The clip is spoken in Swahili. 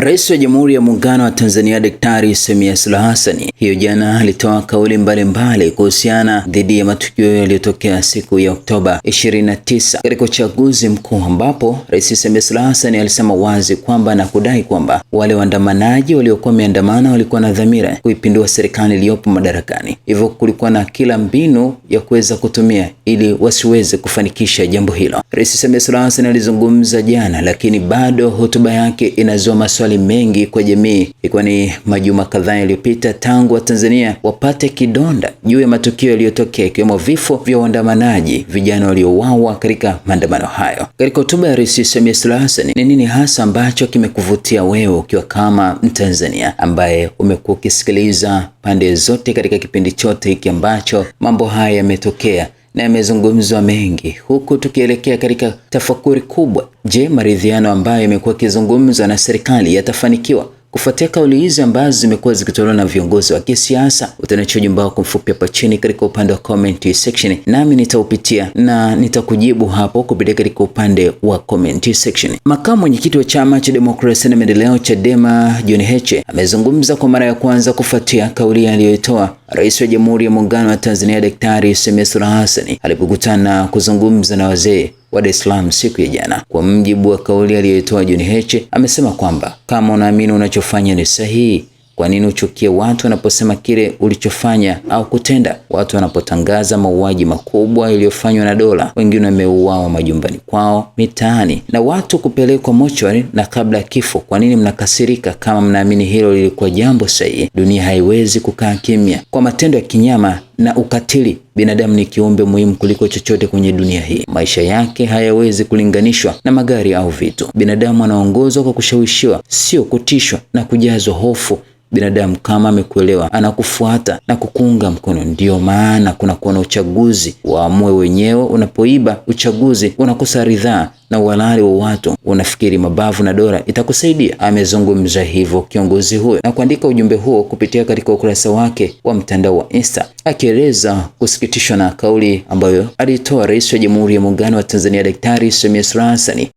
Rais wa Jamhuri ya Muungano wa Tanzania Daktari Samia Suluhu Hassan hiyo jana alitoa kauli mbalimbali kuhusiana dhidi ya matukio yaliyotokea siku ya Oktoba 29 katika uchaguzi mkuu, ambapo Rais Samia Suluhu Hassan alisema wazi kwamba na kudai kwamba wale waandamanaji waliokuwa wameandamana walikuwa na dhamira kuipindua serikali iliyopo madarakani, hivyo kulikuwa na kila mbinu ya kuweza kutumia ili wasiweze kufanikisha jambo hilo. Rais Samia Suluhu Hassan alizungumza jana, lakini bado hotuba yake inazua maswali maswali mengi kwa jamii, ikiwa ni majuma kadhaa yaliyopita tangu Watanzania wapate kidonda juu ya matukio yaliyotokea ikiwemo vifo vya waandamanaji, vijana waliouawa katika maandamano hayo. Katika hotuba ya Rais Samia Suluhu Hassan, ni nini hasa ambacho kimekuvutia wewe ukiwa kama Mtanzania ambaye umekuwa ukisikiliza pande zote katika kipindi chote hiki ambacho mambo haya yametokea? na yamezungumzwa mengi, huku tukielekea katika tafakuri kubwa. Je, maridhiano ambayo yamekuwa yakizungumzwa na serikali yatafanikiwa? Kufuatia kauli hizi ambazo zimekuwa zikitolewa na viongozi wa kisiasa, utaniachia ujumbe wako mfupi hapa chini katika upande wa comment section, nami nitaupitia na nitakujibu hapo kupitia katika upande wa comment section. Makamu mwenyekiti wa chama cha demokrasia na maendeleo Chadema, John Heche amezungumza kwa mara ya kwanza kufuatia kauli aliyoitoa Rais wa Jamhuri ya Muungano wa Tanzania Daktari Samia Suluhu Hassan alipokutana kuzungumza na wazee wa Dar es Salaam siku ya jana. Kwa mjibu wa kauli aliyoitoa John Heche, amesema kwamba kama unaamini unachofanya ni sahihi kwa nini uchukie watu wanaposema kile ulichofanya au kutenda? Watu wanapotangaza mauaji makubwa yaliyofanywa na dola, wengine wameuawa majumbani kwao, mitaani, na watu kupelekwa mochwari na kabla ya kifo. Kwa nini mnakasirika kama mnaamini hilo lilikuwa jambo sahihi? Dunia haiwezi kukaa kimya kwa matendo ya kinyama na ukatili. Binadamu ni kiumbe muhimu kuliko chochote kwenye dunia hii. Maisha yake hayawezi kulinganishwa na magari au vitu. Binadamu anaongozwa kwa kushawishiwa, sio kutishwa na kujazwa hofu Binadamu kama amekuelewa, anakufuata na kukuunga mkono. Ndiyo maana kunakuwa na uchaguzi, waamue wenyewe. Unapoiba uchaguzi, unakosa ridhaa na uhalali wa watu, unafikiri mabavu na dola itakusaidia. Amezungumza hivyo kiongozi huyo na kuandika ujumbe huo kupitia katika ukurasa wake wa mtandao wa Insta, akieleza kusikitishwa na kauli ambayo alitoa Rais wa Jamhuri ya Muungano wa Tanzania Daktari Samia Suluhu Hassan